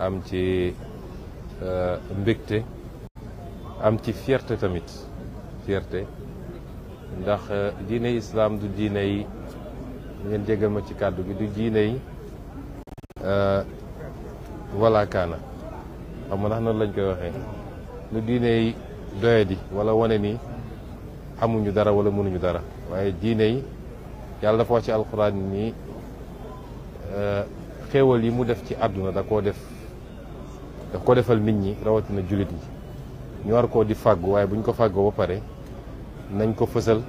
am ci euh, mbégte am ci fierté tamit fierté ndax euh, diine islaam du diine yi ngeen jégal ma ci kàddu gi du diine yi euh, wala kaana xam ndax noonu lañ koy waxee lu diine yi doyadi wala wane ni amuñu dara wala mënuñu dara waaye diine yi yàlla dafa wax ci alxuraan ni xéewal yi mu def ci àdduna da koo def daf ko defal nit ñi rawatina jullit yi ñu koo di fàggu waaye bu ñu ko fàggoo ba pare nañ ko fësal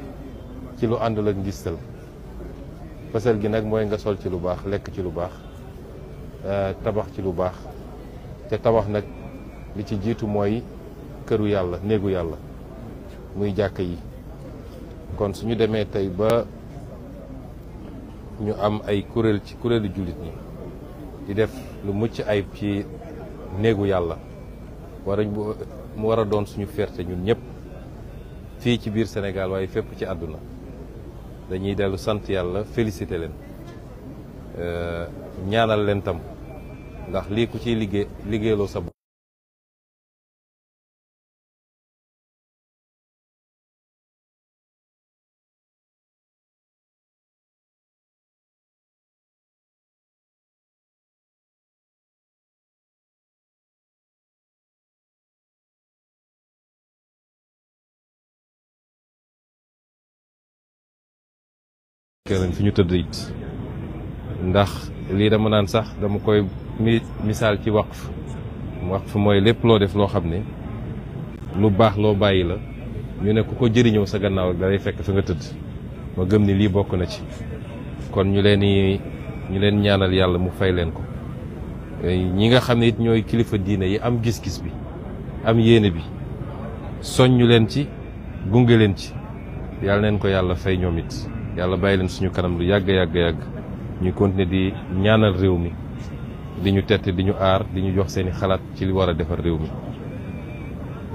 ci lu àndul ak ngistal fësal gi nag mooy nga sol ci lu baax lekk ci lu baax euh, tabax ci lu baax te tabax nag li ci jiitu mooy këru yàlla néegu yàlla muy jàkk yi kon suñu demee tey ba ñu am ay kuréel ci kuréelu jullit ñi di def lu mucc ayib ci néegu yàlla war a mu war a doon suñu fierté ñun ñëpp fii ci biir Sénégal waaye fépp ci àdduna dañuy dellu sant yàlla félicité leen euh, ñaanal leen tam ndax lii ku ciy liggéey liggéeyloo sa bopp respecté lañ fi ñu tëdd it ndax lii dama naan sax dama koy mi misaal ci wax waqf mooy lépp loo def loo xam ne lu baax loo bàyyi la ñu ne ku ko jëriñoo sa gannaaw rek dalay fekk fi nga tëdd ma gëm ni lii bokk na ci kon ñu leen ñu leen ñaanal yàlla mu fay leen ko ñi nga xam ne it ñooy kilifa diine yi am gis-gis bi am yéene bi soññ leen ci gunge leen ci yàlla neen ko yàlla fay ñoom it yàlla bàyyi leen suñu kanam lu yàgg yàgg yàgg ñu continuer di ñaanal réew mi di ñu tette di ñu aar di ñu jox seeni xalaat ci war a defar réew mi.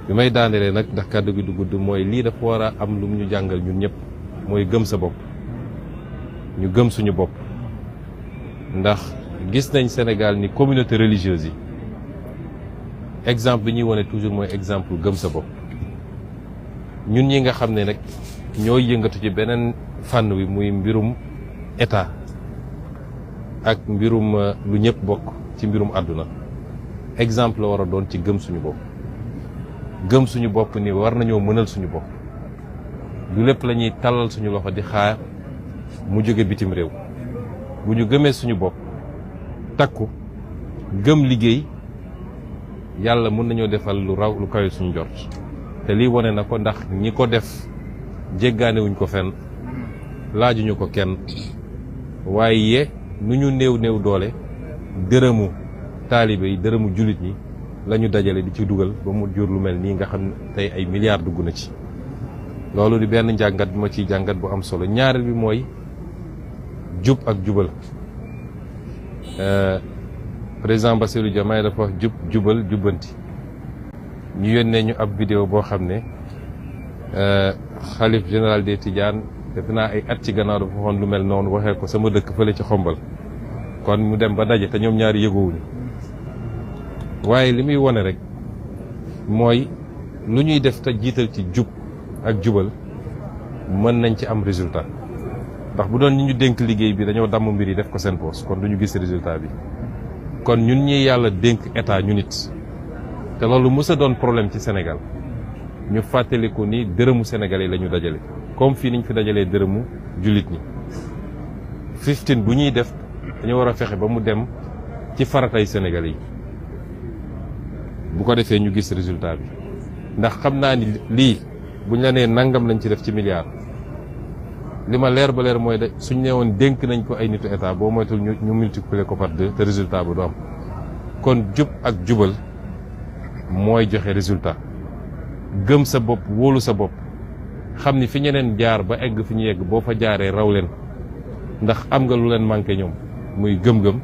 bi may daanelee nag ndax kàddu gi du gudd mooy lii dafa war a am lu mu ñu jàngal ñun ñëpp mooy gëm sa bopp ñu gëm suñu bopp ndax gis nañ Sénégal ni communauté religieuse yi exemple bi ñuy wane toujours mooy exemple gëm sa bopp ñun ñi nga xam ne nag ñooy yëngatu ci beneen. fànn wi muy mbirum état ak mbirum euh, lu ñëpp bokk ci mbirum àdduna exemple la war a doon ci gëm suñu bopp gëm suñu bopp ni war nañoo mënal suñu bopp lu lépp lañuy tàllal suñu loxo di xaar mu jóge bitim réew bu ñu gëmee suñu bopp takku gëm liggéey yàlla mën nañoo defal lu raw lu kawe suñu jort te lii wane na ko ndax ñi ko def jéggaane ko fenn laajuñu ko kenn waaye nu ñu néew néew doole dërëmu taalibe yi dërëmu jullit ñi lañu dajale di ci dugal ba mu jur lu mel nii nga xam ne tey ay milliards dugg na ci loolu di benn njàngat bu ma ciy jàngat bu am solo ñaareel bi mooy jub ak jubal euh, président Bassirou Diomaye dafa wax jub jubal jubbanti ñu yónnee ñu ab vidéo boo xam ne euh, xalif général des Tidianes def naa ay at ci gannaaw dafa lu mel noonu waxee ko sama dëkk fële ci xombal kon mu dem ba daje te ñoom ñaari yëgoowuñu waaye li muy wone rek mooy lu ñuy def te jiital ci jub ak jubal mën nañ ci am résultat ndax bu doon ñu ñu dénk liggéey bi dañoo damm mbir yi def ko seen poos kon lu ñu gis résultat bi kon ñun ñi yàlla dénk état ñu nit te loolu mës doon problème ci Sénégal ñu fàttaliku ni dërëmu sénégalais la lañu dajale comme fii niñ fi dajalee dërëmu jullit ñi bu ñuy def dañu war a fexe ba mu dem ci faratay senegal yi bu ko defee ñu gis résultat bi ndax xam naa ni lii buñ la nee nangam lañ ci def ci milliard li ma leer ba leer mooy de suñ nee woon dénk nañ ko ay nitu état boo moytul ñu ñu multiplier ko par te résultat bu du am kon jub ak jubal mooy joxe résultat gëm sa bopp wóolu sa bopp xam ni fi ñeneen jaar ba egg fi ñu yegg boo fa jaaree raw leen ndax am nga lu leen manqué ñoom muy gëm-gëm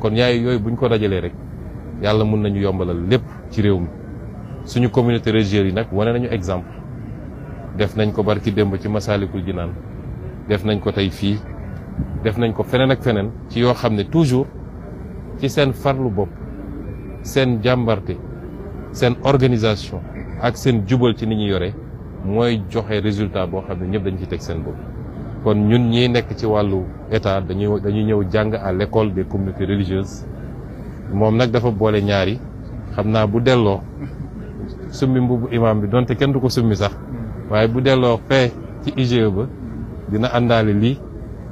kon yaay yooyu buñ ko dajalee rek yàlla mun nañu yombalal lépp ci réew mi suñu communauté religieuse yi nag wane nañu exemple def nañ ko ci démb ci Masaalikul naan def nañ ko tey fii def nañ ko feneen ak feneen ci yoo xam ne toujours ci seen farlu bopp seen jàmbarte seen organisation ak seen jubal ci ni ñu yore mooy joxe résultat boo xam ne ñëpp dañu ci teg seen bopp. kon ñun ñiy nekk ci wàllu état dañuy dañuy ñëw jàng à l' école des communautés religieuses moom nag dafa boole ñaari xam naa bu delloo summi mbubu imam bi donte kenn du ko summi sax waaye bu delloo fee ci IGE ba dina àndaale li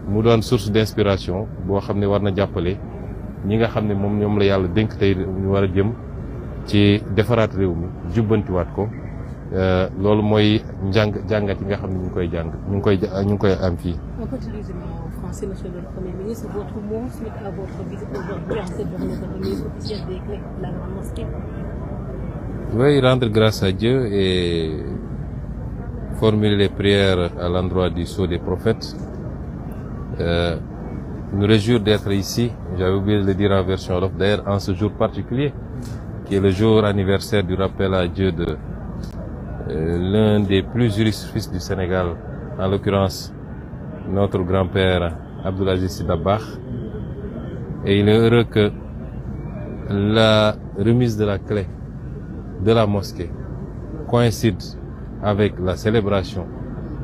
mu doon source d' inspiration boo xam ne war na jàppale ñi nga xam ne moom ñoom la yàlla dénk tey war a jëm. ci defaraat réew mi jubbantiwaat ko euh, loolu mooy njàng jàngat yi nga xam ne ñu ngi koy jàng ñu ngi koy ñu ngi koy am fii. rendre grâce à Dieu et formuler les prières à l'endroit du sceau des prophètes. Euh, nous réjouir d'être ici. J'avais oublié de le dire en version wolof d'ailleurs en ce jour particulier. qui est le jour anniversaire du rappel à Dieu de euh, l'un des plus juristes fils du Sénégal, en l'occurrence notre grand-père Abdoulaziz Sidabach. Et il est heureux que la remise de la clé de la mosquée coïncide avec la célébration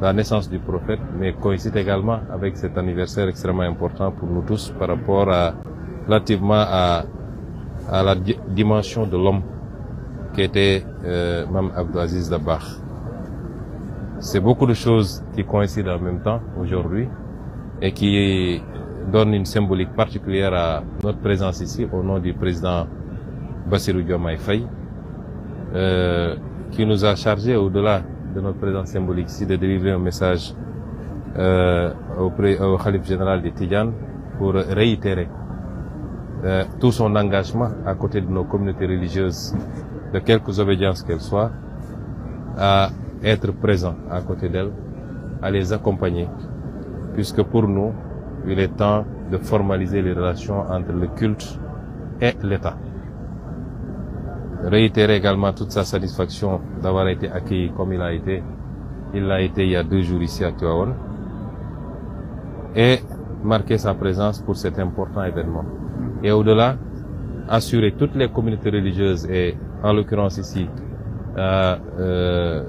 de la naissance du prophète, mais coïncide également avec cet anniversaire extrêmement important pour nous tous par rapport à relativement à à la dimension de l'homme qu'était euh, Mme Abdelaziz Dabakh. C'est beaucoup de choses qui coïncident en même temps aujourd'hui et qui donnent une symbolique particulière à notre présence ici au nom du président Bassirou Diomaye Faye, euh, qui nous a chargé au-delà de notre présence symbolique ici de délivrer un message euh, au, au Khalif général de Tidjane pour réitérer euh, tout son engagement à côté de nos communautés religieuses, de quelques obédiences qu'elles soient, à être présent à côté d'elles, à les accompagner, puisque pour nous, il est temps de formaliser les relations entre le culte et l'État. Réitérer également toute sa satisfaction d'avoir été accueilli comme il a été. Il l'a été il y a deux jours ici à Tuaon. Et marquer sa présence pour cet important événement. et au-delà, assurer toutes les communautés religieuses et en l'occurrence ici euh, euh,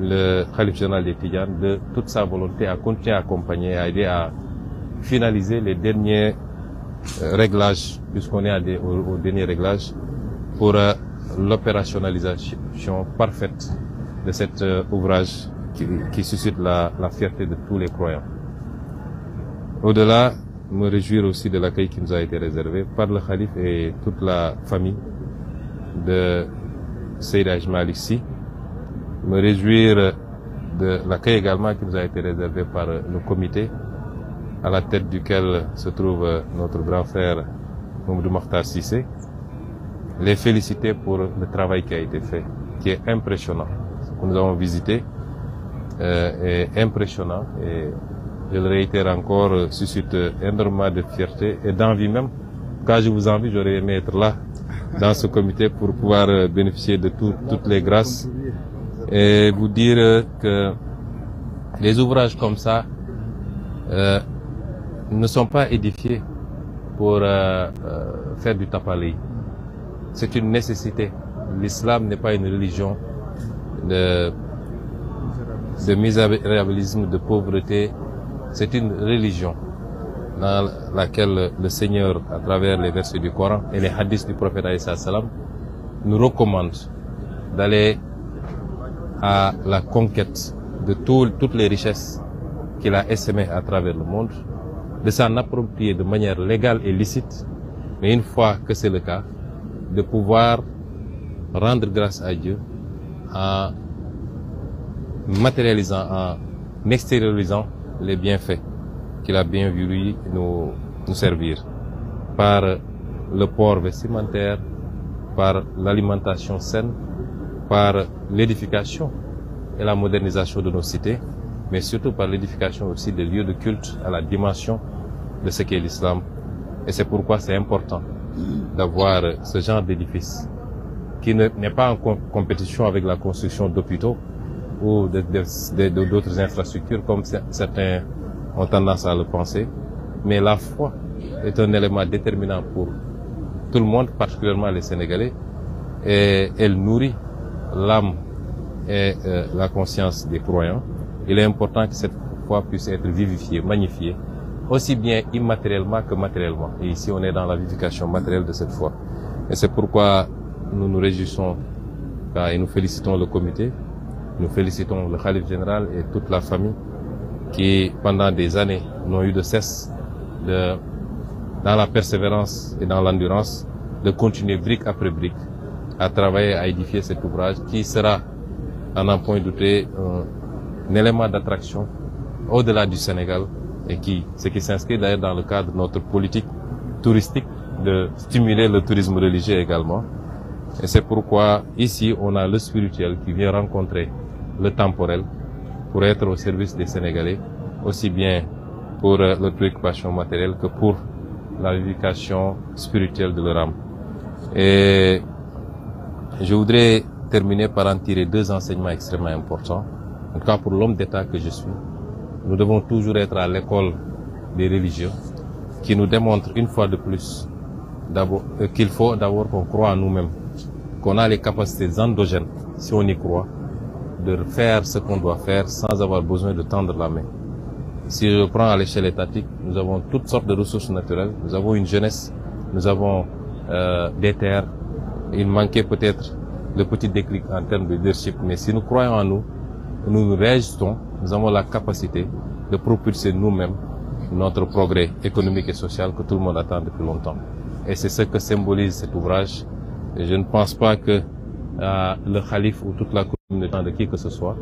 le Khalif général des Tidjanes de toute sa volonté à continuer à accompagner, à aider à finaliser les derniers euh, réglages, puisqu'on est à des, au, au, dernier réglage, pour euh, l'opérationnalisation parfaite de cet euh, ouvrage qui, qui suscite la, la fierté de tous les croyants. Au-delà, me réjouir aussi de l'accueil qui nous a été réservé par le calife et toute la famille de Seyd Hadj Malick Sy. Me réjouir de l'accueil également qui nous a été réservé par le comité à la tête duquel se trouve notre grand frère Mamadou Makhtar Cissé. Les féliciter pour le travail qui a été fait, qui est impressionnant. Ce que nous avons visité euh, est impressionnant et je le réitère encore, suscite énormément de fierté et d'envie même. Quand je vous envie, j'aurais aimé être là, dans ce comité, pour pouvoir euh, bénéficier de tout, toutes les grâces et vous dire que les ouvrages comme ça euh, ne sont pas édifiés pour euh, euh faire du tapalé. C'est une nécessité. L'islam n'est pas une religion de, de misérabilisme, de pauvreté, C'est une religion dans laquelle le Seigneur, à travers les versets du Coran et les hadiths du prophète salam, nous recommande d'aller à la conquête de tout, toutes les richesses qu'il a essaimées à travers le monde, de s'en approprier de manière légale et licite, mais une fois que c'est le cas, de pouvoir rendre grâce à Dieu en matérialisant, en extériorisant les bienfaits qu'il a bien voulu nous, nous servir par le port vestimentaire, par l'alimentation saine, par l'édification et la modernisation de nos cités, mais surtout par l'édification aussi des lieux de culte à la dimension de ce qu'est l'islam. Et c'est pourquoi c'est important d'avoir ce genre d'édifice qui n'est pas en compétition avec la construction d'hôpitaux, ou d'autres infrastructures comme certains ont tendance à le penser. Mais la foi est un élément déterminant pour tout le monde, particulièrement les Sénégalais, et elle nourrit l'âme et euh, la conscience des croyants. Il est important que cette foi puisse être vivifiée, magnifiée, aussi bien immatériellement que matériellement. Et ici, on est dans la vivification matérielle de cette foi. Et c'est pourquoi nous nous réjouissons et nous félicitons le comité Nous félicitons le Khalif général et toute la famille qui, pendant des années, n'ont eu de cesse, de, dans la persévérance et dans l'endurance, de continuer brique après brique à travailler, à édifier cet ouvrage qui sera, à n'en point douter, un, un élément d'attraction au-delà du Sénégal et qui, ce qui s'inscrit d'ailleurs dans le cadre de notre politique touristique de stimuler le tourisme religieux également. Et c'est pourquoi ici, on a le spirituel qui vient rencontrer le temporel, pour être au service des Sénégalais, aussi bien pour euh, leur préoccupation matérielle que pour la vivification spirituelle de leur âme. Et je voudrais terminer par en tirer deux enseignements extrêmement importants. En tout cas, pour l'homme d'État que je suis, nous devons toujours être à l'école des religions qui nous démontre une fois de plus euh, qu'il faut d'abord qu'on croit en nous-mêmes, qu'on a les capacités endogènes si on y croit, de faire ce qu'on doit faire sans avoir besoin de tendre la main. Si je prends à l'échelle étatique, nous avons toutes sortes de ressources naturelles, nous avons une jeunesse, nous avons euh, des terres, il manquait peut-être le petit déclic en termes de leadership, mais si nous croyons en nous, nous nous nous avons la capacité de propulser nous-mêmes notre progrès économique et social que tout le monde attend depuis longtemps. Et c'est ce que symbolise de qui que ce soit,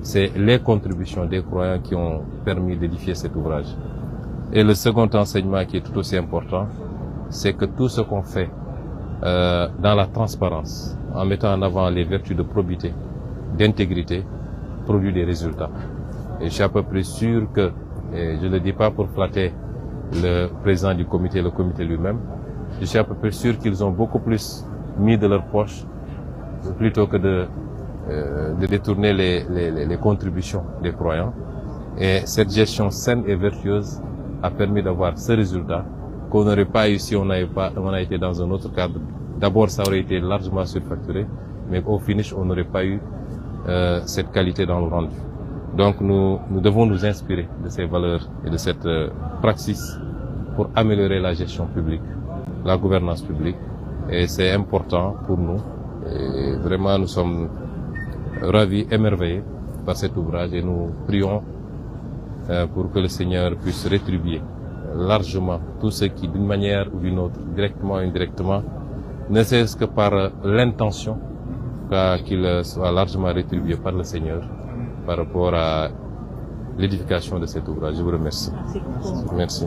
c'est les contributions des croyants qui ont permis d'édifier cet ouvrage. Et le second enseignement qui est tout aussi important, c'est que tout ce qu'on fait euh, dans la transparence, en mettant en avant les vertus de probité, d'intégrité, produit des résultats. Et je suis à peu près sûr que, et je ne le dis pas pour flatter le président du comité, le comité lui-même, je suis à peu près sûr qu'ils ont beaucoup plus mis de leur poche plutôt Euh, de détourner les, les, les contributions des croyants. Et cette gestion saine et vertueuse a permis d'avoir ce résultat qu'on n'aurait pas eu si on avait pas, on a été dans un autre cadre. D'abord, ça aurait été largement surfacturé, mais au finish, on n'aurait pas eu euh, cette qualité dans le rendu. Donc, nous, nous devons nous inspirer de ces valeurs et de cette euh, pour améliorer la gestion publique, la gouvernance publique. Et c'est important pour nous. Et vraiment, nous sommes ravis, émerveillés par cet ouvrage et nous prions euh, pour que le Seigneur puisse rétribuer euh, largement tout ce qui, d'une manière ou d'une autre, directement ou indirectement, ne cesse que par euh, l'intention qu'il soit largement rétribué par le Seigneur par rapport à l'édification de cet ouvrage. Je vous remercie.